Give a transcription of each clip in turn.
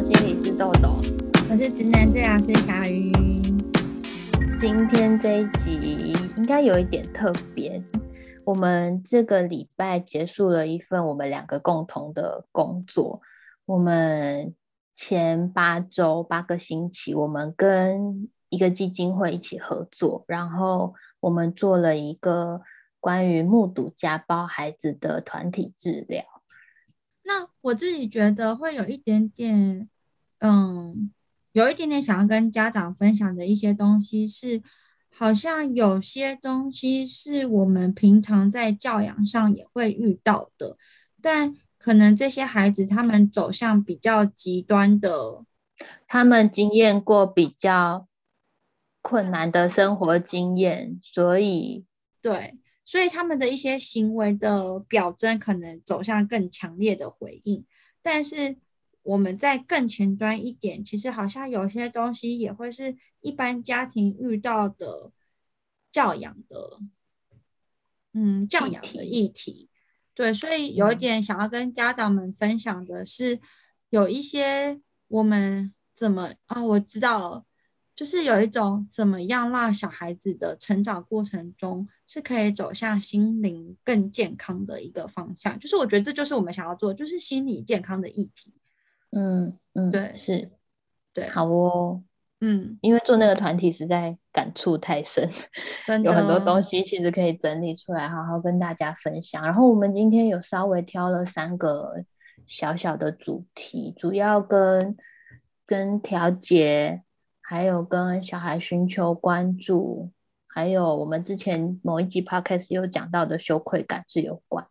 這裡是豆豆，我是直男、啊。這樣是小魚。今天這一集應該有一點特別。我們這個禮拜結束了一份我們兩個共同的工作。我們前八周八個星期，我們跟一個基金會一起合作，然後我們做了一個關於目睹家暴孩子的團體治療。那我自己覺得會有一點點。嗯，有一點點想要跟家長分享的一些東西是，好像有些東西是我們平常在教養上也會遇到的，但可能這些孩子他們走向比較極端的，他們經驗過比較困難的生活經驗，所以對，所以他們的一些行為的表徵可能走向更強烈的回應，但是。我們在更前端一點，其實好像有些東西也會是一般家庭遇到的教養的，嗯，教養的議題。對，所以有一點想要跟家長們分享的是，嗯、有一些我們怎麼啊，我知道了，就是有一種怎麼樣讓小孩子的成長過程中是可以走向心靈更健康的一個方向，就是我覺得這就是我們想要做，就是心理健康的議題。嗯嗯，嗯對，是，對，好哦，嗯，因為做那個團體實在感觸太深，真的哦、 有很多東西其實可以整理出來，好好跟大家分享。然後我們今天有稍微挑了三個小小的主題，主要跟跟調節，還有跟小孩尋求關注，還有我們之前某一集 podcast 又講到的羞愧感是有關。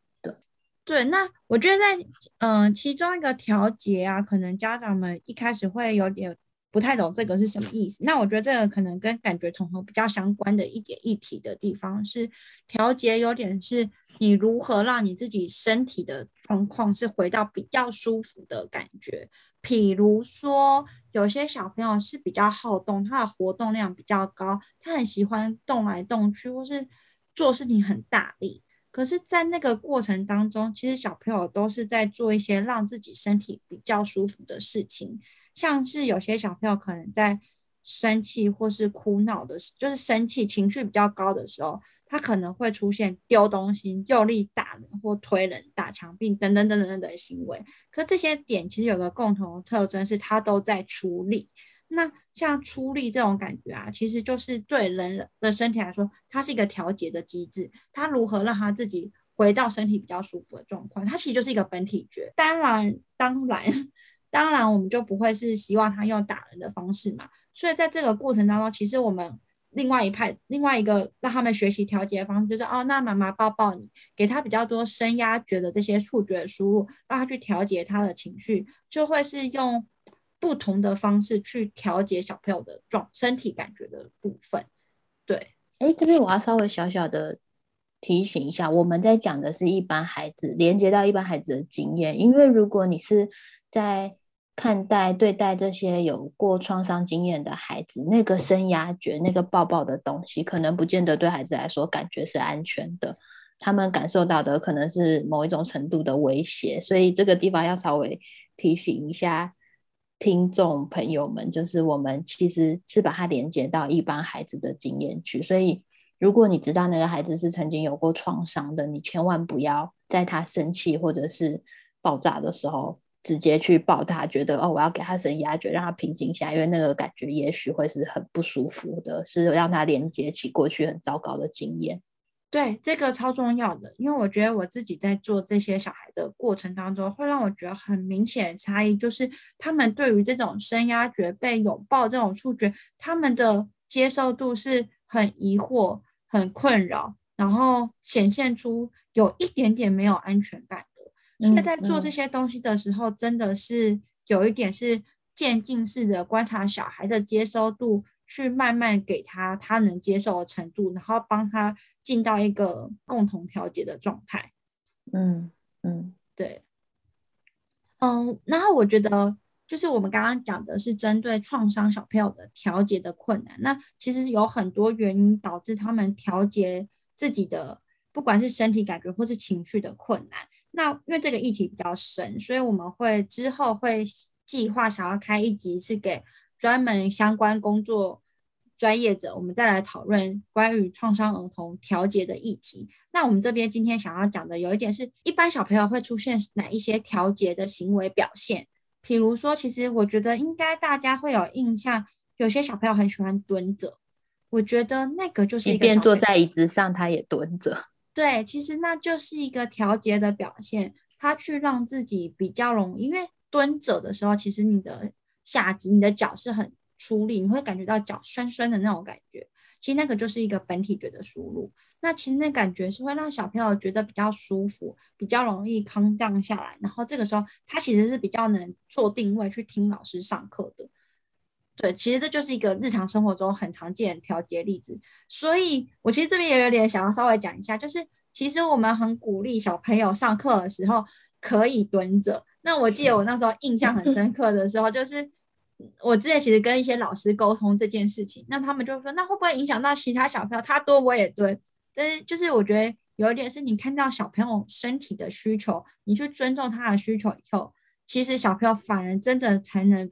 對，那我覺得在嗯、呃、其中一個調節啊，可能家長們一開始會有點不太懂這個是什麼意思。嗯、那我覺得這個可能跟感覺統合比較相關的一點一體的地方是調節，有點是你如何讓你自己身體的狀況是回到比較舒服的感覺。譬如說有些小朋友是比較好動，他的活動量比較高，他很喜歡動來動去，或是做事情很大力。可是，在那個過程當中，其實小朋友都是在做一些讓自己身體比較舒服的事情，像是有些小朋友可能在生氣或是哭鬧的，就是生氣情緒比較高的時候，他可能會出現丟東西、用力打人或推人、打牆壁等等等等等，等的行為。可這些點其實有個共同特徵，是他都在出力。那像出力這種感覺啊，其實就是對人的身體來說，它是一個調節的機制。它如何讓他自己回到身體比較舒服的狀況，它其實就是一個本體覺。當然，當然，當然，我們就不會是希望他用打人的方式嘛。所以在這個過程當中，其實我們另外一派，另外一個讓他們學習調節的方式，就是哦，那媽媽抱抱你，給他比較多深壓覺的這些觸覺的輸入，讓他去調節他的情緒，就會是用。不同的方式去調節小朋友的狀身體感覺的部分。對，誒、欸，這邊我要稍微小小的提醒一下，我們在講的是一般孩子連接到一般孩子的經驗，因為如果你是在看待對待這些有過創傷經驗的孩子，那個深壓覺、那個抱抱的東西，可能不見得對孩子來說感覺是安全的，他們感受到的可能是某一種程度的威脅，所以這個地方要稍微提醒一下。聽眾朋友們，就是我們其實是把它連接到一般孩子的經驗去。所以，如果你知道那個孩子是曾經有過創傷的，你千萬不要在他生氣或者是爆炸的時候直接去抱他，覺得哦，我要給他深壓覺，讓他平靜下來，因為那個感覺也許會是很不舒服的，是讓他連接起過去很糟糕的經驗。對，這個超重要的，因為我覺得我自己在做這些小孩的過程當中，會讓我覺得很明顯的差異，就是他們對於這種深壓覺、被擁抱這種觸覺，他們的接受度是很疑惑、很困擾，然後顯現出有一點點沒有安全感的。嗯、所以在做這些東西的時候，真的是有一點是漸進式的觀察小孩的接受度。去慢慢給他他能接受的程度，然後幫他進到一個共同調節的狀態。嗯嗯，嗯對，嗯，然後我覺得就是我們剛剛講的是針對創傷小朋友的調節的困難，那其實有很多原因導致他們調節自己的，不管是身體感覺或是情緒的困難。那因為這個議題比較深，所以我們會之後會計劃想要開一集是給，專門相關工作專業者，我們再來討論關於創傷兒童調節的議題。那我們這邊今天想要講的有一點是，一般小朋友會出現哪一些調節的行為表現？比如說，其實我覺得應該大家會有印象，有些小朋友很喜歡蹲着，我覺得那個就是一個。即便坐在椅子上，他也蹲着。對，其實那就是一個調節的表現，他去讓自己比較容易。因為蹲着的時候，其實你的。下肢，你的腳是很出力，你會感覺到腳酸酸的那種感覺。其實那個就是一個本體覺的輸入，那其實那個感覺是會讓小朋友覺得比較舒服，比較容易康降下來。然後這個時候，他其實是比較能坐定位去聽老師上課的。對，其實這就是一個日常生活中很常見的調節例子。所以我其實這邊也有點想要稍微講一下，就是其實我們很鼓勵小朋友上課的時候可以蹲着。那我記得我那時候印象很深刻的時候，就是。 我之前其實跟一些老師溝通這件事情，那他們就說，那會不會影響到其他小朋友？他多我也多。但是就是我覺得有一點是，你看到小朋友身體的需求，你去尊重他的需求以後，其實小朋友反而真的才能，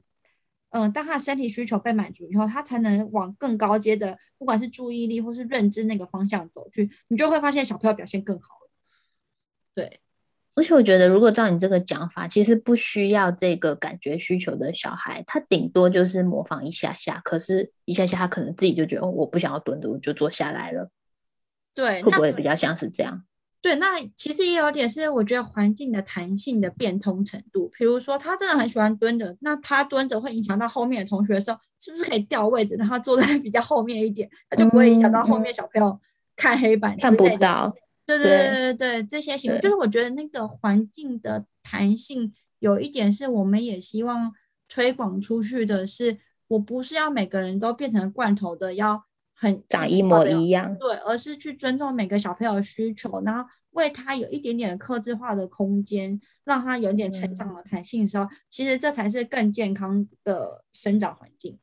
嗯、呃，當他的身體需求被滿足以後，他才能往更高階的，不管是注意力或是認知那個方向走去，你就會發現小朋友表現更好，對。而且我覺得，如果照你這個講法，其實不需要這個感覺需求的小孩，他頂多就是模仿一下下，可是一下下他可能自己就覺得，哦，我不想要蹲着，我就坐下來了。對。會不會比較像是這樣？對，那其實也有點是我覺得環境的彈性的變通程度。比如說他真的很喜歡蹲着，那他蹲着會影響到後面的同學的時候，是不是可以調位置，讓他坐在比較後面一點，他就不會影響到後面小朋友看黑板，嗯，看不到。對，對對對對，對這些行為，對就是我覺得那個環境的彈性，有一點是，我們也希望推廣出去的是，我不是要每個人都變成罐頭的，要很長一模一樣，對，而是去尊重每個小朋友的需求，然後為他有一點點客製化的空間，讓他有點成長的彈性的時候，嗯、其實這才是更健康的生長環境。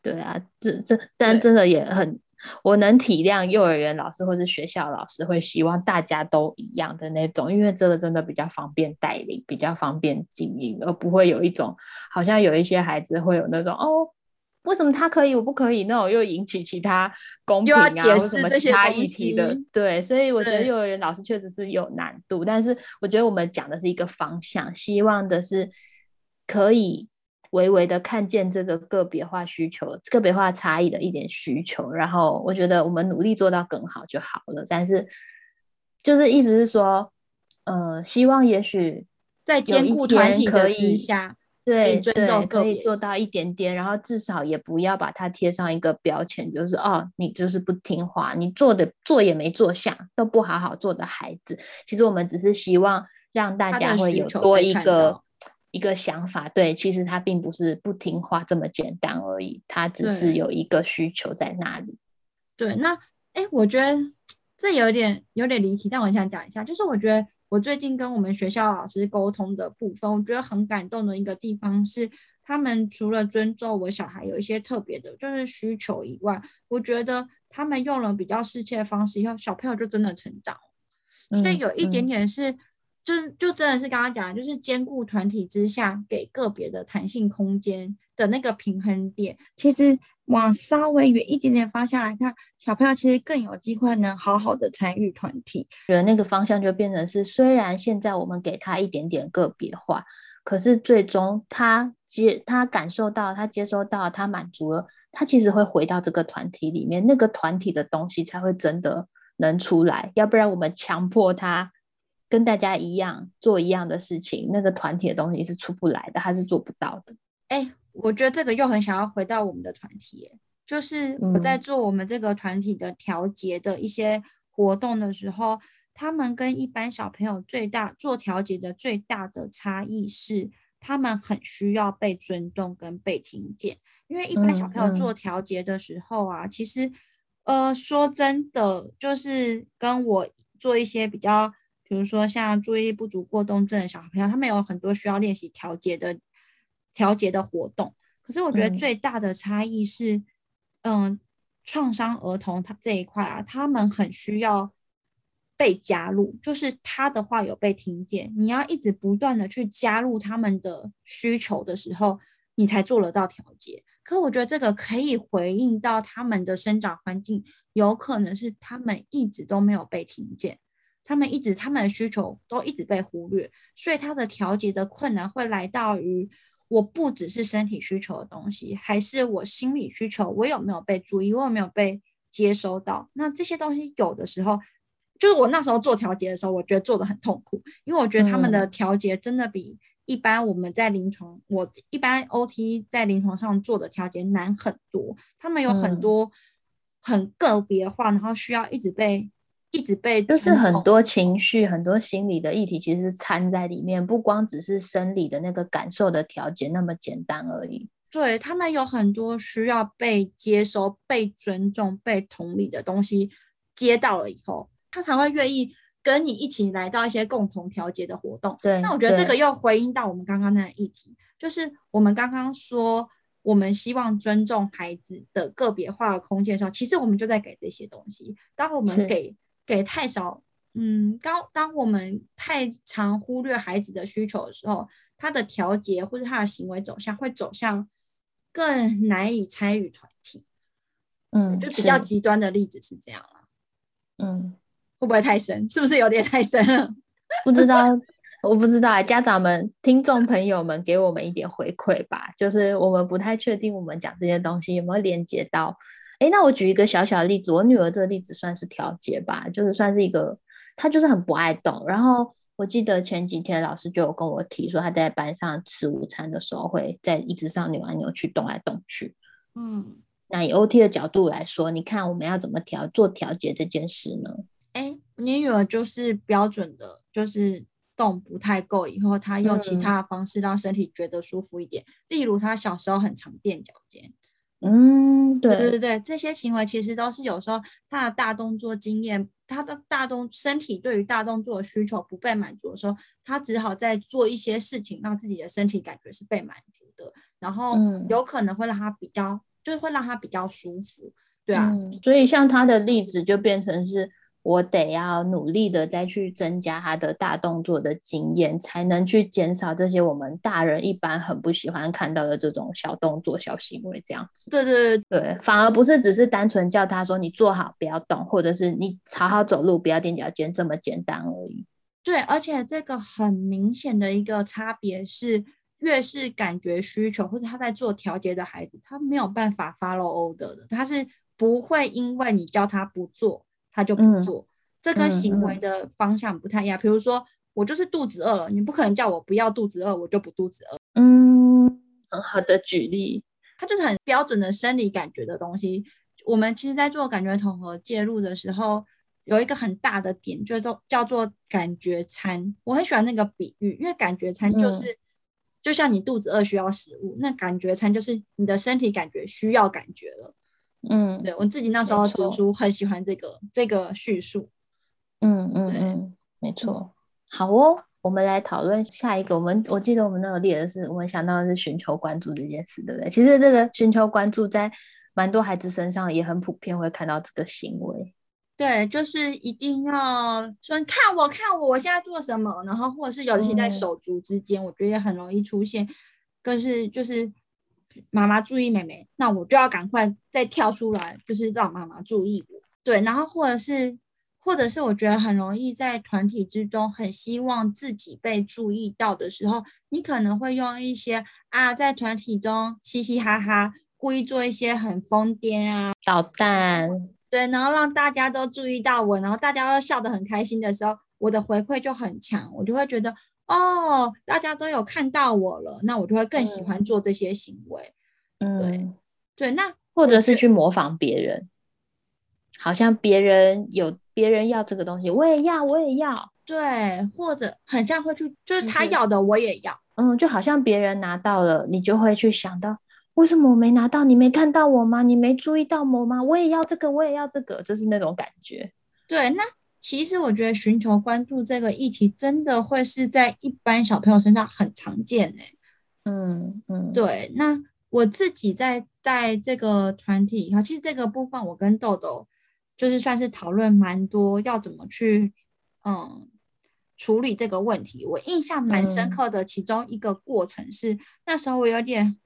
對啊，這這但真的也很。我能體諒幼兒園老師或是學校老師會希望大家都一樣的那種，因為這個真的比較方便帶領，比較方便經營，而不會有一種好像有一些孩子會有那種哦，為什麼他可以我不可以那種，又引起其他公平啊什麼其他議題的。對，所以我覺得幼兒園老師確實是有難度，對但是我覺得我們講的是一個方向，希望的是可以。微微的看見這個個別化需求、個別化差異的一點需求，然後我覺得我們努力做到更好就好了。但是，就是意思是說，呃，希望也許在兼顧團體的之下，對尊重，對，可以做到一點點，然後至少也不要把它貼上一個標籤，就是哦，你就是不聽話，你做的做也沒做下，都不好好做的孩子。其實我們只是希望讓大家會有多一個。一個想法，對，其實他並不是不聽話這麼簡單而已，他只是有一個需求在那裡。對，對，那，哎，我覺得這有點有點離奇，但我想講一下，就是我覺得我最近跟我們學校老師溝通的部分，我覺得很感動的一個地方是，他們除了尊重我小孩有一些特別的，就是需求以外，我覺得他們用了比較適切的方式，以後小朋友就真的成長。嗯，所以有一點點是。嗯就就真的是剛剛講的，就是兼顧團體之下給個別的彈性空間的那個平衡點。其實往稍微遠一點點方向來看，小朋友其實更有機會能好好的參與團體。覺得那個方向就變成是，雖然現在我們給他一點點個別化，可是最終他接，他感受到，他接收到，他滿足了，他其實會回到這個團體裡面，那個團體的東西才會真的能出來。要不然我們強迫他。跟大家一樣做一樣的事情，那個團體的東西是出不來的，他是做不到的。哎、欸，我覺得這個又很想要回到我們的團體、欸，就是我在做我們這個團體的調節的一些活動的時候，嗯、他們跟一般小朋友最大做調節的最大的差異是，他們很需要被尊重跟被聽見，因為一般小朋友做調節的時候啊，嗯嗯、其實呃說真的，就是跟我做一些比較。比如說像注意力不足過動症的小朋友，他們有很多需要練習調節的調節的活動。可是我覺得最大的差異是，嗯、呃，創傷兒童他這一塊啊，他們很需要被加入，就是他的話有被聽見，你要一直不斷的去加入他們的需求的時候，你才做得到調節。可我覺得這個可以回應到他們的生長環境，有可能是他們一直都沒有被聽見。他們一直他們的需求都一直被忽略，所以他的調節的困難會來到於，我不只是身體需求的東西，還是我心理需求，我有沒有被注意，我有沒有被接收到？那這些東西有的時候，就是我那時候做調節的時候，我覺得做得很痛苦，因為我覺得他們的調節真的比一般我們在臨床，嗯、我一般 OT 在臨床上做的調節難很多，他們有很多很個別化，嗯、然後需要一直被。一直被就是很多情緒、很多心理的議題，其實是摻在裡面，不光只是生理的那個感受的調節那麼簡單而已。對他們有很多需要被接收、被尊重、被同理的東西，接到了以後，他才會願意跟你一起來到一些共同調節的活動。對，那我覺得這個又回應到我們剛剛那個議題，對就是我們剛剛說我們希望尊重孩子的個別化的空間上，其實我們就在給這些東西。當我們給給太少，嗯，剛當，當我們太常忽略孩子的需求的時候，他的調節或者他的行為走向會走向更難以參與團體，嗯，就比較極端的例子是這樣了，嗯，會不會太深？是不是有點太深了？不知道， 我不知道，家長們、聽眾朋友們給我們一點回饋吧，就是我們不太確定我們講這些東西有沒有連接到。哎，那我舉一個小小的例子，我女兒這個例子算是調節吧，就是算是一個，她就是很不愛動。然後我記得前幾天老師就有跟我提說，她在班上吃午餐的時候，會在椅子上扭來扭去，動來動去。嗯，那以 OT 的角度來說，你看我們要怎麼調做調節這件事呢？哎，你女、女兒就是標準的，就是動不太夠，以後她用其他的方式讓身體覺得舒服一點，嗯、例如她小時候很常墊腳尖。嗯，對對對，對這些行為其實都是有時候他的大動作經驗，他的大動身體對於大動作的需求不被滿足的時候，他只好在做一些事情，讓自己的身體感覺是被滿足的，然後有可能會讓他比較，嗯、就是會讓他比較舒服。對啊、嗯，所以像他的例子就變成是。我得要努力的再去增加他的大動作的經驗，才能去減少這些我們大人一般很不喜歡看到的這種小動作、小行為。這樣子，對對對對，對，反而不是只是單純叫他說你坐好不要動，或者是你好好走路不要踮腳尖這麼簡單而已。對，而且這個很明顯的一個差別是，越是感覺需求或者他在做調節的孩子，他沒有辦法 follow order 的，他是不會因為你叫他不做。他就不做，嗯、這個行為的方向不太一樣。嗯、比如說，我就是肚子餓了，你不可能叫我不要肚子餓，我就不肚子餓。嗯，很好的舉例，它就是很標準的生理感覺的東西。我們其實，在做感覺統合介入的時候，有一個很大的點，就叫做叫做感覺餐。我很喜歡那個比喻，因為感覺餐就是，嗯、就像你肚子餓需要食物，那感覺餐就是你的身體感覺需要感覺了。嗯，對，我自己那時候讀書很喜歡這個錯這個敘述。嗯對嗯嗯，沒錯。好哦，我們來討論下一個。我們我記得我們那個列的是，我們想到的是尋求關注這件事，對不對？其實這個尋求關注在蠻多孩子身上也很普遍，會看到這個行為。對，就是一定要說看我，看我，我現在做什麼，然後或者是尤其在手足之間，嗯、我覺得也很容易出現，更是就是。媽媽注意妹妹，那我就要趕快再跳出來，就是讓媽媽注意我。對，然後或者是，或者是我覺得很容易在團體之中，很希望自己被注意到的時候，你可能會用一些啊，在團體中嘻嘻哈哈，故意做一些很瘋癲啊，搗蛋彈，對，然後讓大家都注意到我，然後大家都笑得很開心的時候，我的回饋就很強，我就會覺得。哦，大家都有看到我了，那我就會更喜歡做這些行為。嗯，對，嗯，對，對，那或者是去模仿別人，對好像別人有，別人要這個東西，我也要，我也要。對，或者很像會去，就是他要的我也要嗯。嗯，就好像別人拿到了，你就會去想到，為什麼我沒拿到？你沒看到我嗎？你沒注意到我嗎？我也要這個，我也要這個，就是那種感覺。對，那。其實我覺得尋求關注這個議題，真的會是在一般小朋友身上很常見呢、欸嗯。嗯嗯，對。那我自己在在這個團體，哈，其實這個部分我跟豆豆就是算是討論蠻多，要怎麼去，嗯，處理這個問題。我印象蠻深刻的其中一個過程是，嗯、那時候我有點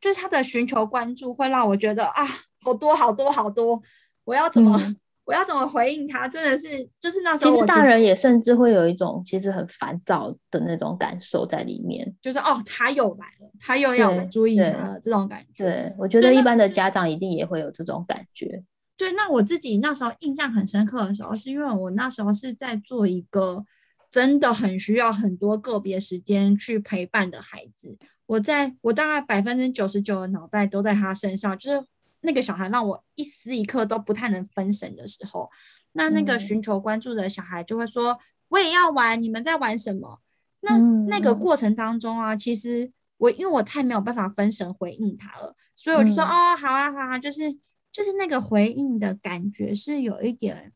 就是他的尋求關注會讓我覺得啊，好多好多好多，我要怎麼、嗯？我要怎麼回應他？真的是，就是那時候其。其實大人也甚至會有一種其實很煩躁的那種感受在裡面，就是哦，他又來了，他又要我們注意他了，對這種感覺。對，我覺得一般的家長一定也會有這種感覺。對，對，那我自己那時候印象很深刻的時候，是因為我那時候是在做一個真的很需要很多個別時間去陪伴的孩子，我在我大概百分之九十九的腦袋都在他身上，就是。那個小孩讓我一時一刻都不太能分神的時候，那那個尋求關注的小孩就會說：“嗯、我也要玩，你們在玩什麼？”那、嗯、那個過程當中啊，其實我因為我太沒有辦法分神回應他了，所以我就說：“嗯、哦，好啊，好啊。”就是就是那個回應的感覺是有一點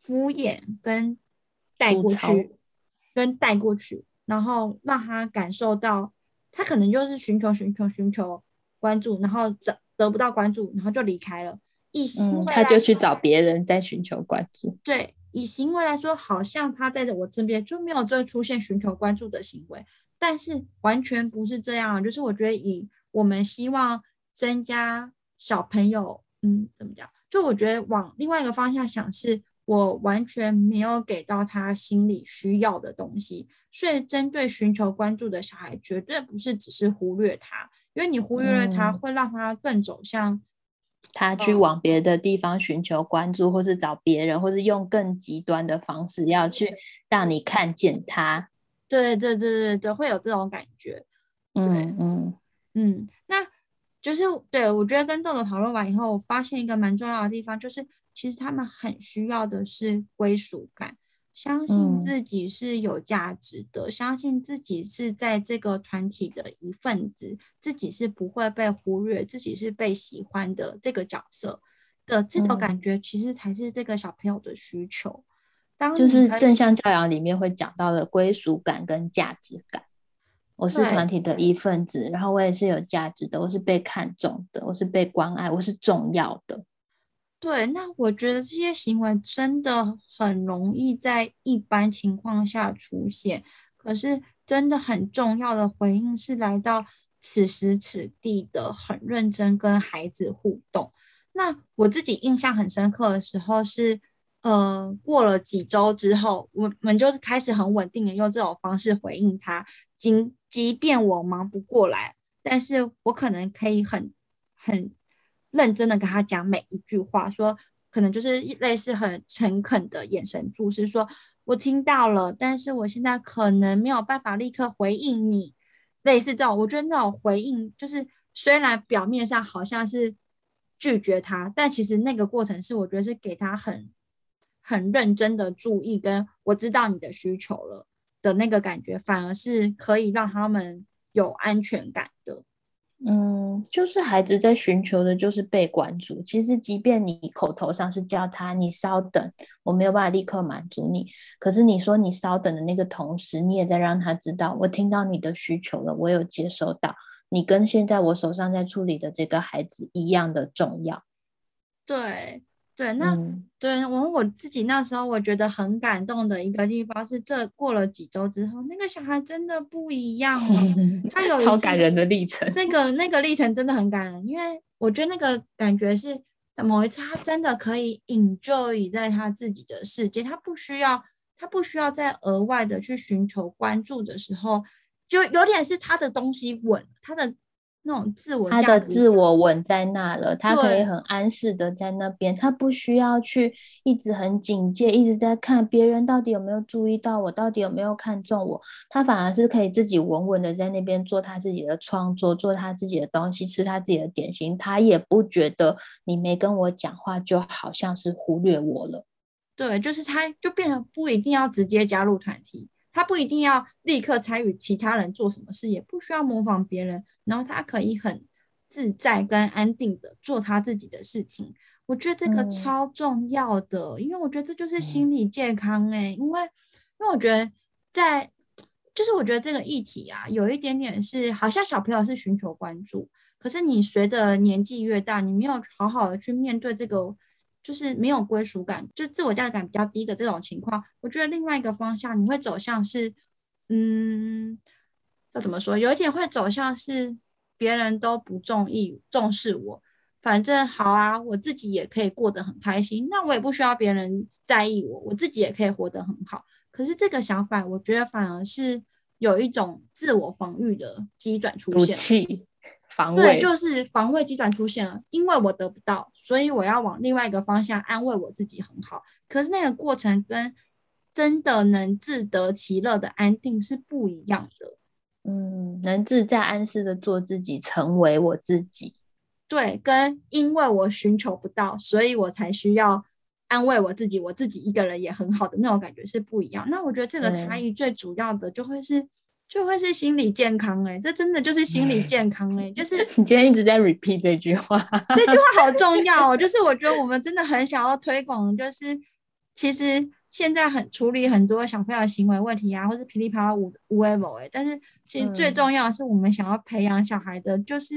敷衍跟帶過去，槍跟帶過去，然後讓他感受到他可能就是尋求尋求尋求尋求關注，然後這。得不到關注，然後就離開了。以行為、嗯、他就去找別人在尋求關注。對，以行為來說，好像他在我身邊就沒有再出現尋求關注的行為，但是完全不是這樣。就是我覺得以我們希望增加小朋友，嗯，怎麼講？就我覺得往另外一個方向想，是我完全沒有給到他心理需要的東西。所以針對尋求關注的小孩，絕對不是只是忽略他。因為你忽略了他，嗯、會讓他更走向他去往別的地方尋求關注，嗯、或是找別人，或是用更極端的方式要去讓你看見他。對對對對對，會有這種感覺。嗯對嗯嗯，那就是對，我覺得跟豆豆討論完以後，我發現一個蠻重要的地方，就是其實他們很需要的是歸屬感。相信自己是有價值的，嗯、相信自己是在這個團體的一份子，自己是不會被忽略，自己是被喜歡的這個角色的，嗯、這種感覺，其實才是這個小朋友的需求。就是正向教養裡面會講到的歸屬感跟價值感。我是團體的一份子，對然後我也是有價值的，我是被看重的，我是被關愛，我是重要的。對，那我覺得這些行為真的很容易在一般情況下出現，可是真的很重要的回應是來到此時此地的很認真跟孩子互動。那我自己印象很深刻的時候是，呃，過了幾周之後，我們就開始很穩定的用這種方式回應他，即即便我忙不過來，但是我可能可以很很。認真的跟他講每一句話，說可能就是類似很誠懇的眼神注視說，說我聽到了，但是我現在可能沒有辦法立刻回應你，類似這種，我覺得那種回應就是雖然表面上好像是拒絕他，但其實那個過程是我覺得是給他很很認真的注意，跟我知道你的需求了的那個感覺，反而是可以讓他們有安全感的。嗯，就是孩子在尋求的，就是被關注。其實，即便你口頭上是叫他，你稍等，我沒有辦法立刻滿足你。可是你說你稍等的那個同時，你也在讓他知道，我聽到你的需求了，我有接收到，你跟現在我手上在處理的這個孩子一樣的重要。對。對，那、嗯、對，我我自己那時候我覺得很感動的一個地方是，這過了幾週之後，那個小孩真的不一樣了啊。呵呵，他有一次超感人的歷程，那個那個歷程真的很感人，因為我覺得那個感覺是某一次他真的可以 enjoy 在他自己的世界，他不需要他不需要再額外的去尋求關注的時候，就有點是他的東西穩他的。那種自我，他的自我穩在那了，他可以很安適的在那邊，對他不需要去一直很警戒，一直在看別人到底有沒有注意到我，到底有沒有看中我，他反而是可以自己穩穩的在那邊做他自己的創作，做他自己的東西，吃他自己的點心，他也不覺得你沒跟我講話就好像是忽略我了。對，就是他就變成不一定要直接加入團體。他不一定要立刻參與其他人做什麼事，也不需要模仿別人，然後他可以很自在跟安定的做他自己的事情。我覺得這個超重要的，嗯，因為我覺得這就是心理健康哎，欸，因為，嗯，因為我覺得在，就是我覺得這個議題啊，有一點點是好像小朋友是尋求關注，可是你隨着年紀越大，你沒有好好的去面對這個。就是沒有歸屬感，就自我價值感比較低的這種情況，我覺得另外一個方向你會走向是，嗯，要怎麼說，有一點會走向是，別人都不重意重視我，反正好啊，我自己也可以過得很開心，那我也不需要別人在意我，我自己也可以活得很好。可是這個想法，我覺得反而是有一種自我防禦的機轉出現。防衛，對，就是防衛機制出現了，因為我得不到，所以我要往另外一個方向安慰我自己很好。可是那個過程跟真的能自得其樂的安定是不一樣的。嗯，能自在安適的做自己，成為我自己。對，跟因為我尋求不到，所以我才需要安慰我自己，我自己一個人也很好的那種感覺是不一樣。那我覺得這個差異最主要的就會是，嗯。就會是心理健康哎、欸，這真的就是心理健康哎、欸，嗯、就是你今天一直在 repeat 這句話，這句話好重要哦。 就是我覺得我們真的很想要推廣，就是其實現在很處理很多小朋友的行為問題啊，或是噼里啪啦五 whatever 哎，但是其實最重要的是，我們想要培養小孩的，嗯、就是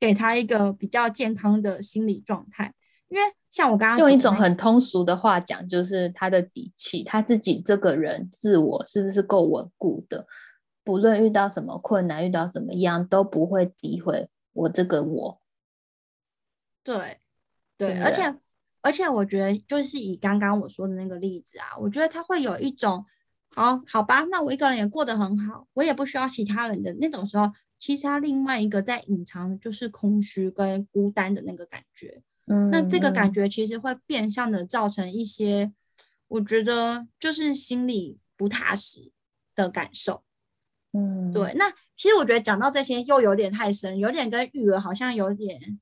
給他一個比較健康的心理狀態。因為像我剛剛用一種很通俗的話講，就是他的底氣，他自己這個人自我是不是夠穩固的？不論遇到什麼困難，遇到什麼樣都不會詆毀我這個我。對，對，對了，而且而且我覺得就是以剛剛我說的那個例子啊，我覺得他會有一種，好好吧，那我一個人也過得很好，我也不需要其他人的那種時候，其實他另外一個在隱藏的就是空虛跟孤單的那個感覺。嗯。那這個感覺其實會變相的造成一些，我覺得就是心裡不踏實的感受。嗯，對，那其實我覺得講到這些又有點太深，有點跟育兒好像有點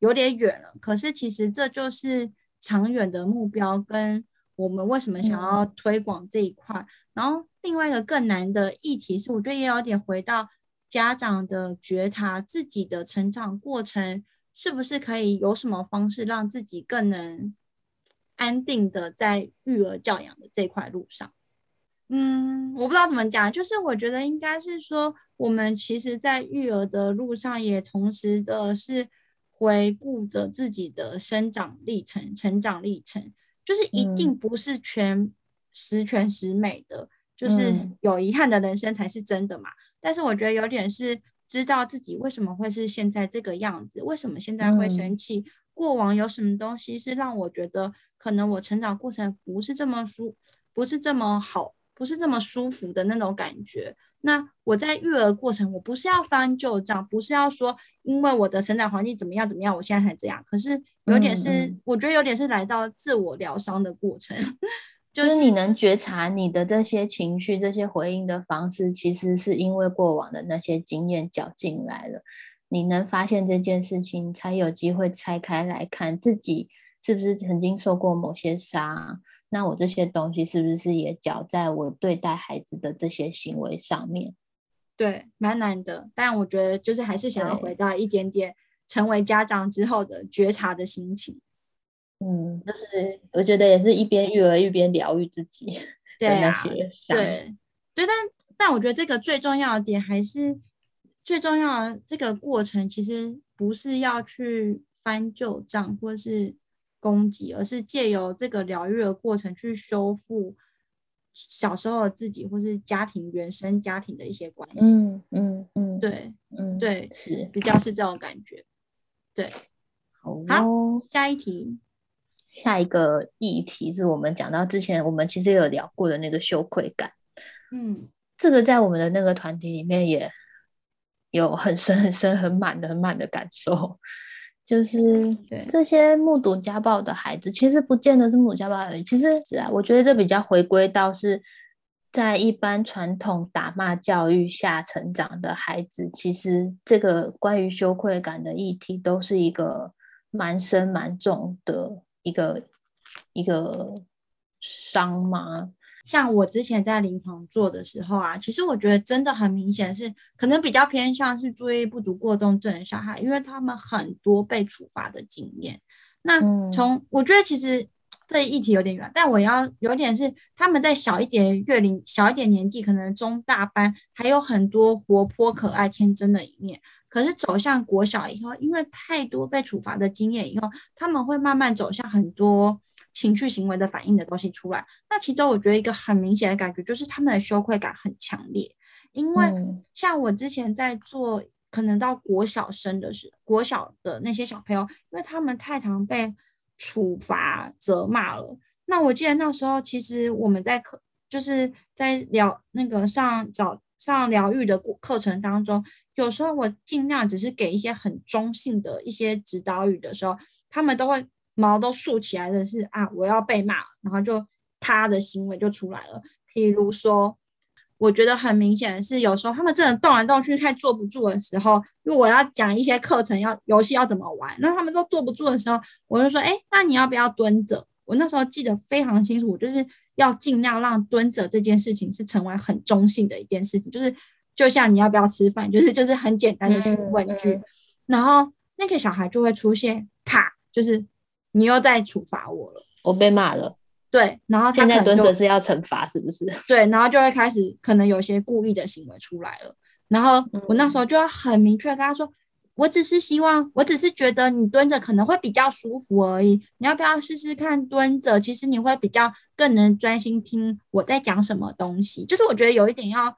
有點遠了。可是其實這就是長遠的目標，跟我們為什麼想要推廣這一塊。嗯、然後另外一個更難的議題是，我覺得也有點回到家長的覺察，自己的成長過程是不是可以有什麼方式讓自己更能安定的在育兒教養的這塊路上。嗯，我不知道怎麼講，就是我覺得應該是說，我們其實，在育兒的路上，也同時的是回顧着自己的生長歷程、成長歷程，就是一定不是全十全十美的，嗯、就是有遺憾的人生才是真的嘛。嗯、但是我覺得有點是知道自己為什麼會是現在這個樣子，為什麼現在會生氣，嗯、過往有什麼東西是讓我覺得可能我成長過程不是這麼舒，不是這麼好。不是這麼舒服的那種感覺。那我在育兒過程，我不是要翻舊賬，不是要說因為我的成長環境怎麼樣怎麼樣，我現在才這樣。可是有點是，嗯、我覺得有點是來到自我療傷的過程，就是嗯。就是你能覺察你的這些情緒、這些回應的方式，其實是因為過往的那些經驗攪進來了。你能發現這件事情，才有機會拆開來看自己是不是曾經受過某些傷啊？那我這些東西是不是也攪在我對待孩子的這些行為上面？對，蠻難的。但我覺得就是還是想要回到一點點成為家長之後的覺察的心情。嗯，就是我覺得也是一邊育兒一邊療癒自己那些。對啊，對。對，但但我覺得這個最重要的點還是最重要的這個過程，其實不是要去翻舊賬，或是。攻擊，而是借由這個療癒的過程去修復小時候自己或是家庭原生家庭的一些關係，嗯。嗯嗯對，嗯，對，嗯，對，是，比較是這種感覺，對。好哦，好，下一題。下一個議題是我們講到之前我們其實有聊過的那個羞愧感。嗯，這個在我們的那個團體裡面也有很深很深很滿的很滿的感受。就是這些目睹家暴的孩子，對其實不見得是目睹家暴的，其實是啊，我覺得這比較回歸到是在一般傳統打罵教育下成長的孩子，其實這個關於羞愧感的議題，都是一個蠻深蠻重的一個一個傷疤。像我之前在臨床做的時候啊，其實我覺得真的很明顯是，可能比較偏向是注意力不足過動症的小孩，因為他們很多被處罰的經驗。那從、嗯、我覺得其實這議題有點遠，但我要有點是，他們在小一點月齡、小一點年紀，可能中大班還有很多活潑可愛、天真的一面。可是走向國小以後，因為太多被處罰的經驗以後，他們會慢慢走向很多。情緒行為的反應的東西出來，那其中我覺得一個很明顯的感覺就是他們的羞愧感很強烈，因為像我之前在做可能到國小生的是國小的那些小朋友，因為他們太常被處罰責罵了。那我記得那時候其實我們在課，就是在療那個上早上療癒的課程當中，有時候我盡量只是給一些很中性的一些指導語的時候，他們都會。毛都豎起來的是啊，我要被罵，然後就趴的行為就出來了。譬如說，我覺得很明顯的是，有時候他們真的動來動去太坐不住的時候，因為我要講一些課程要遊戲要怎麼玩，那他們都坐不住的時候，我就說，哎、欸，那你要不要蹲着？我那時候記得非常清楚，就是要尽量讓蹲着這件事情是成為很中性的一件事情，就是就像你要不要吃飯，就是就是很簡單的詢問句，嗯嗯、然後那個小孩就會出現趴，就是。你又在處罰我了，我被罵了。對，然後他現在蹲着是要懲罰是不是？對，然後就會開始可能有些故意的行為出來了。然後我那時候就要很明確跟他說，嗯、我只是希望，我只是覺得你蹲着可能會比較舒服而已。你要不要試試看蹲着其實你會比較更能專心聽我在講什麼東西。就是我覺得有一點要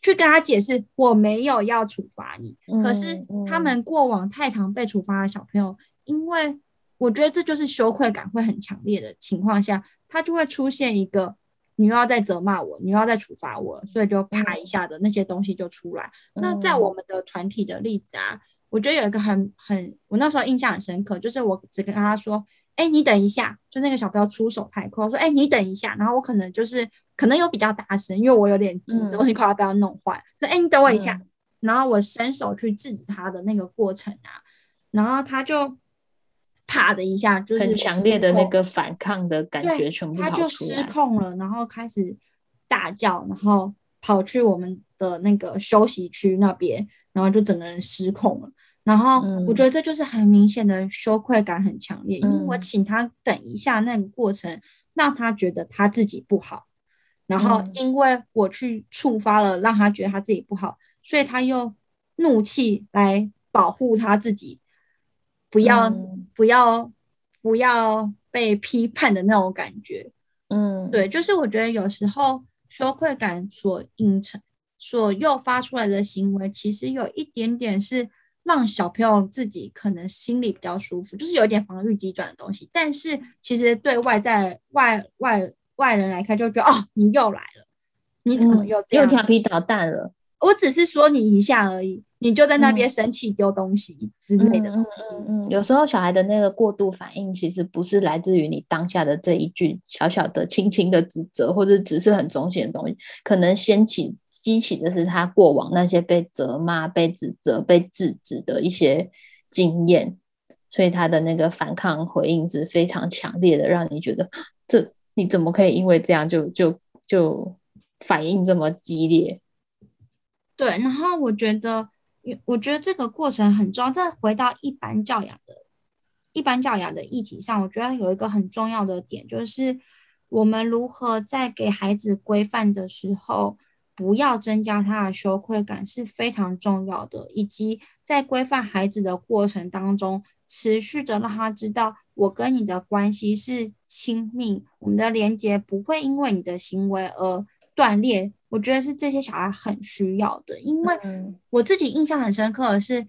去跟他解釋，我沒有要處罰你，嗯嗯，可是他們過往太常被處罰的小朋友，因為。我覺得這就是羞愧感會很強烈的情況下，他就會出現一個你又要再責罵我，你又要再處罰我，所以就啪一下的那些東西就出來。嗯、那在我們的團體的例子啊，我覺得有一個很很，我那時候印象很深刻，就是我只跟他說，哎、欸，你等一下，就那個小朋友出手太快，我說，哎，你等一下，然後我可能就是可能有比較大聲，因為我有點急，東西快要被他弄壞，嗯、說，哎，你等我一下，嗯、然後我伸手去制止他的那個過程啊，然後他就。啪的一下，就是很強烈的那個反抗的感覺，成功了。他就失控了，然後開始大叫，然後跑去我們的那個休息區那邊，然後就整個人失控了。然後我覺得這就是很明顯的羞愧感很強烈，嗯、因為我請他等一下那個過程，讓他覺得他自己不好，然後因為我去觸發了，讓他覺得他自己不好，所以他用怒氣來保護他自己，不要。不要不要被批判的那種感覺，嗯，對，就是我覺得有時候羞愧感所引成所誘發出來的行為，其實有一點點是讓小朋友自己可能心裡比較舒服，就是有一點防御機轉的東西。但是其實對外在外外外人來看，就覺得哦，你又來了，你怎麼又這樣？嗯、又調皮搗蛋了？我只是說你一下而已。你就在那邊生氣、丟東西之類的東西。嗯，嗯，嗯，有時候小孩的那個過度反應，其實不是來自於你當下的這一句小小的、輕輕的指責，或者只是很中性的東西，可能掀起、激起的是他過往那些被責罵、被指責、被制止的一些經驗，所以他的那個反抗回應是非常強烈的，讓你覺得、啊、這你怎麼可以因為這樣就就就反應這麼激烈？對，然後我覺得。我覺得這個過程很重要。再回到一般教養的一般教養的議題上，我覺得有一個很重要的點，就是我們如何在給孩子規範的時候，不要增加他的羞愧感是非常重要的。以及在規範孩子的過程當中，持續着讓他知道，我跟你的關係是親密，我們的連接不會因為你的行為而。鍛鍊，我覺得是這些小孩很需要的，因為我自己印象很深刻的是，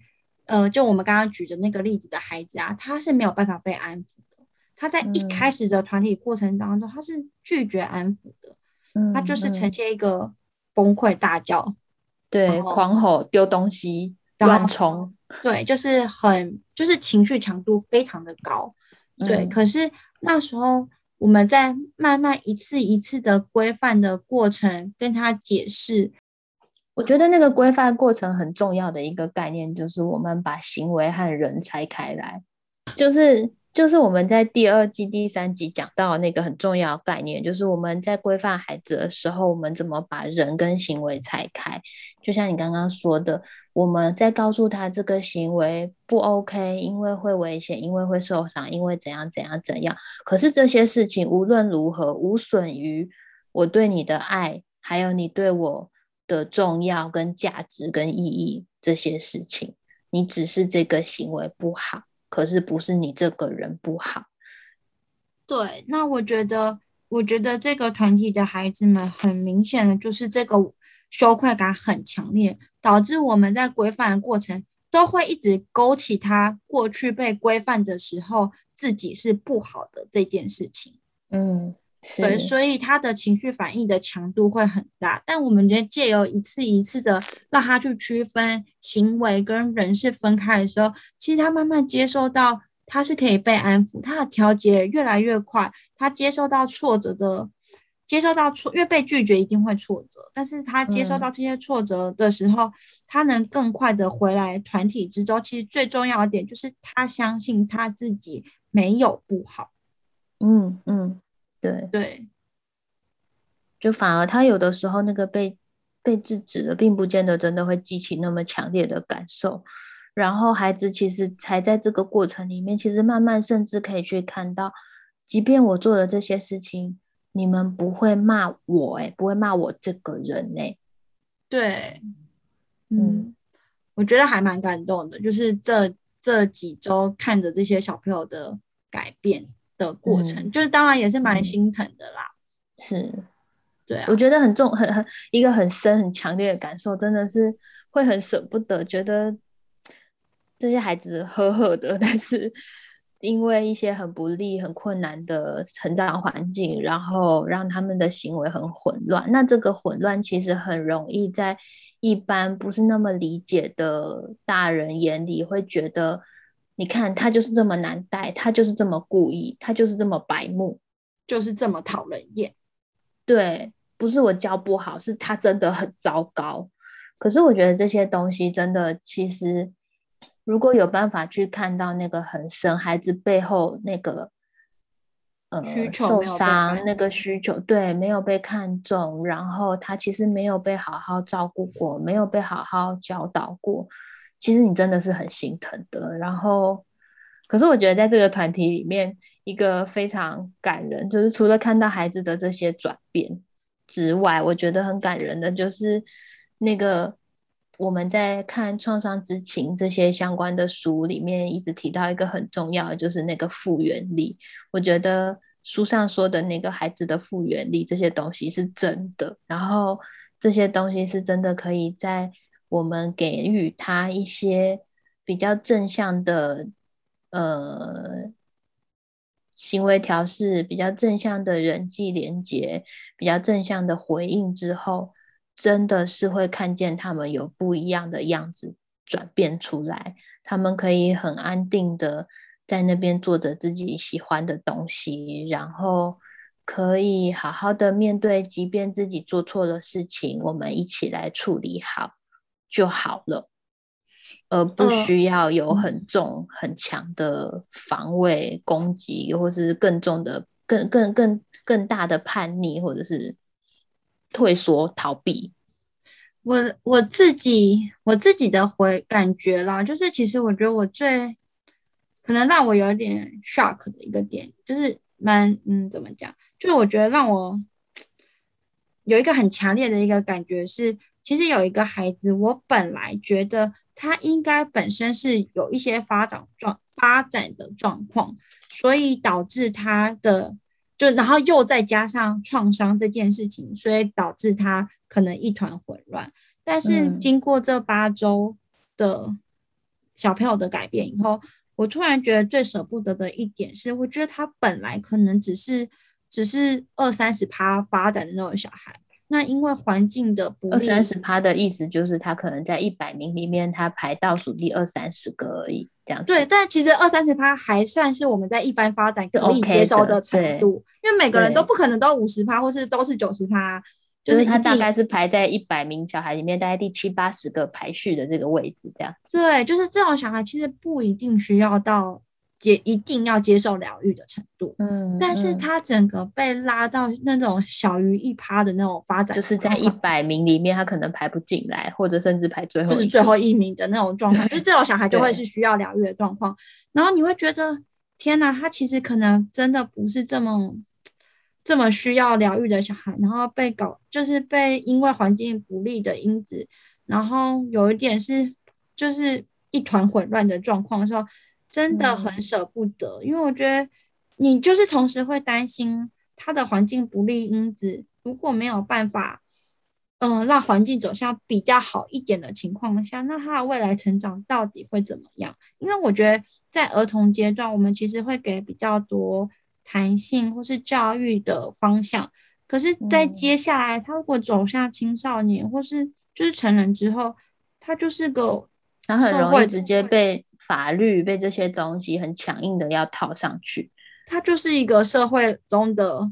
嗯、呃，就我們剛剛舉的那個例子的孩子啊，他是沒有辦法被安撫的，他在一開始的團體過程當中，嗯、他是拒絕安撫的，嗯嗯、他就是呈現一個崩潰大叫，對，後狂吼丟東西亂衝，後蟲對，就是很就是情緒強度非常的高，對，嗯、可是那時候。我們在慢慢一次一次的規範的過程跟他解釋，我覺得那個規範過程很重要的一個概念就是我們把行為和人拆開來，就是。就是我們在第二季第三集講到那個很重要概念，就是我們在規範孩子的時候，我們怎麼把人跟行為拆開？就像你剛剛說的，我們在告訴他這個行為不 OK，因為會危險，因為會受傷，因為怎樣怎樣怎樣。可是這些事情無論如何無損於我對你的愛，還有你對我的重要跟價值跟意義這些事情，你只是這個行為不好。可是不是你這個人不好。對，那我覺得，我覺得這個團體的孩子們，很明顯的就是這個羞愧感很強烈，導致我們在規範的過程，都會一直勾起他過去被規範的時候自己是不好的這件事情。嗯。對，是所以他的情緒反應的強度會很大，但我們覺得借由一次一次的讓他去區分行為跟人是分開的時候，其實他慢慢接受到他是可以被安撫，他的調節越來越快，他接受到挫折的，接受到挫，越被拒絕一定會挫折，但是他接受到這些挫折的時候，嗯、他能更快的回來團體之中。其實最重要的點就是他相信他自己沒有不好。嗯嗯。嗯對對，對就反而他有的時候那個被被制止了，並不見得真的會激起那麼強烈的感受。然後孩子其實才在這個過程裡面，其實慢慢甚至可以去看到，即便我做了這些事情，你們不會罵我誒、欸，不會罵我這個人哎、欸。對，嗯，我覺得還蠻感動的，就是這這幾周看着這些小朋友的改變。的過程，嗯、就是當然也是蠻心疼的啦。嗯、是，對、啊，我覺得很重，很很一個很深、很強烈的感受，真的是會很舍不得，覺得這些孩子呵呵的，但是因為一些很不利、很困難的成長環境，然後讓他們的行為很混亂。那這個混亂其實很容易在一般不是那麼理解的大人眼裡會覺得。你看他就是這麼難帶，他就是這麼故意，他就是這麼白目，就是這麼討人厭。對，不是我教不好，是他真的很糟糕。可是我覺得這些東西真的，其實如果有辦法去看到那個很深孩子背後那個呃需求受傷那個需求，對，沒有被看重，然後他其實沒有被好好照顧過，沒有被好好教導過。其實你真的是很心疼的，然後，可是我覺得在這個團體裡面，一個非常感人，就是除了看到孩子的這些轉變之外，我覺得很感人的就是那個我們在看創傷知情這些相關的書裡面一直提到一個很重要的，就是那個復原力。我覺得書上說的那個孩子的復原力這些東西是真的，然後這些東西是真的可以在。我們給予他一些比較正向的呃行為調適，比較正向的人際連接，比較正向的回應之後，真的是會看見他們有不一樣的樣子轉變出來。他們可以很安定的在那邊做着自己喜歡的東西，然後可以好好的面對，即便自己做錯了事情，我們一起來處理好。就好了，而不需要有很重、呃、很強的防衛攻擊，或是更重的、更更更更大的叛逆，或者是退縮逃避。我我自己我自己的回感覺啦，就是其實我覺得我最可能讓我有點 shock 的一個點，就是蠻嗯怎麼講，就是我覺得讓我有一個很強烈的一個感覺是。其實有一個孩子，我本來覺得他應該本身是有一些發展狀發展的狀況，所以導致他的，就，然後又再加上創傷這件事情，所以導致他可能一團混亂。但是經過這八周的小朋友的改變以後，我突然覺得最捨不得的一點是，我覺得他本來可能只是，只是二三十趴發展的那種小孩。那因為環境的不利，二三十趴的意思就是他可能在一百名裡面，他排倒數第二三十個而已，這樣。對，但其實二三十趴還算是我們在一般發展可以接受的程度，okay，因為每個人都不可能都五十趴，或是都是九十趴，就是他大概是排在一百名小孩裡面大概第七八十個排序的這個位置，這樣。對，就是這種小孩其實不一定需要到。也一定要接受療癒的程度，嗯，但是他整個被拉到那種小於一趴的那種發展，就是在一百名裡面他可能排不進來，或者甚至排最後，就是最後一名的那種狀況，對就是這種小孩就會是需要療癒的狀況。對然後你會覺得，天吶，啊，他其實可能真的不是這麼這麼需要療癒的小孩，然後被搞，就是被因為環境不利的因子，然後有一點是就是一團混亂的狀況的時候。真的很捨不得，嗯、因為我覺得你就是同時會擔心他的環境不利因子，如果沒有辦法，嗯、呃，讓環境走向比較好一點的情況下，那他的未來成長到底會怎麼樣？因為我覺得在兒童階段，我們其實會給比較多彈性或是教育的方向，可是，在接下來他如果走向青少年、嗯、或是就是成人之後，他就是個。他很容易直接被法律、社會，被這些東西很強硬的要套上去。他就是一個社會中的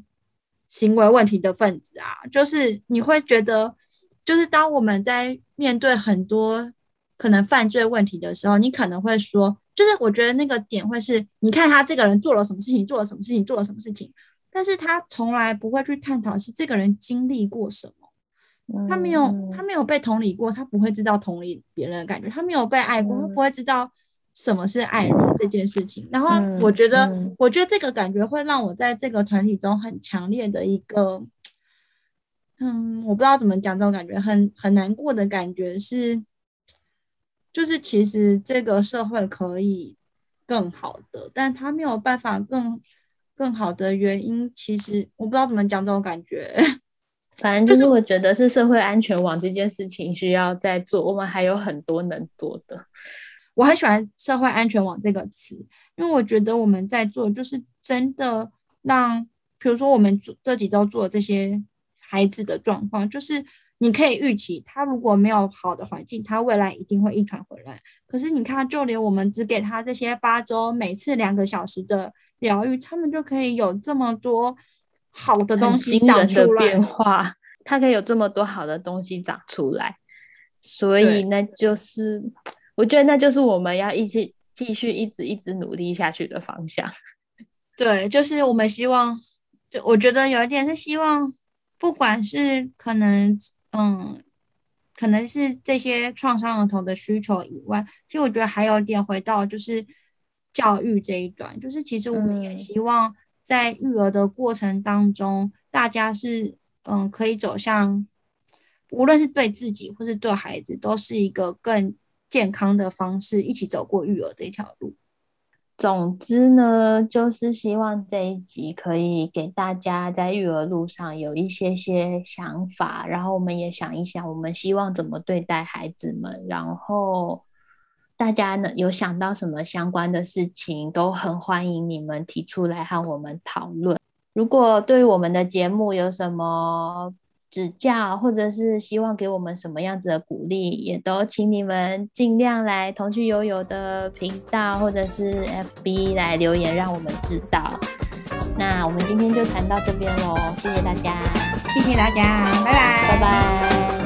行為問題的分子啊，就是你會覺得，就是當我們在面對很多可能犯罪問題的時候，你可能會說，就是我覺得那個點會是，你看他這個人做了什麼事情，做了什麼事情，做了什麼事情，但是他從來不會去探討是這個人經歷過什麼。他沒有，他沒有被同理過，他不會知道同理別人的感覺。他沒有被愛過，他不會知道什麼是愛人這件事情。然後我覺得，嗯嗯、我覺得這個感覺會讓我在這個團體中很強烈的一個，嗯，我不知道怎麼講這種感覺，很很難過的感覺是，就是其實這個社會可以更好的，但他沒有辦法更更好的原因，其實我不知道怎麼講這種感覺。反正就是我覺得是社會安全網這件事情需要再做，就是、我們還有很多能做的。我很喜歡“社會安全網”這個詞，因為我覺得我們在做就是真的讓，比如說我們這這幾周做這些孩子的狀況，就是你可以預期，他如果沒有好的環境，他未來一定會一團混亂。可是你看，就連我們只給他這些八周，每次兩個小時的療癒，他們就可以有這麼多。好的東西長出來的變化，它可以有這麼多好的東西長出來，所以那就是，對我覺得那就是我們要一起繼續一直一直努力下去的方向。對，就是我們希望，就我覺得有一點是希望，不管是可能，嗯，可能是這些創傷兒童的需求以外，其實我覺得還有一點回到就是教育這一段，就是其實我們也希望、嗯。在育兒的過程當中，大家是嗯，可以走向，無論是對自己或是對孩子，都是一個更健康的方式，一起走過育兒這一條路。總之呢，就是希望這一集可以給大家在育兒路上有一些些想法，然後我們也想一想，我們希望怎麼對待孩子們，然後。大家呢，有想到什麼相關的事情，都很歡迎你們提出來和我們討論。如果對我們的節目有什麼指教，或者是希望給我們什麼樣子的鼓勵，也都請你們盡量來童趣游游的頻道或者是 FB 來留言，讓我們知道。那我們今天就談到這邊嘍，謝謝大家，謝謝大家，拜拜，拜拜。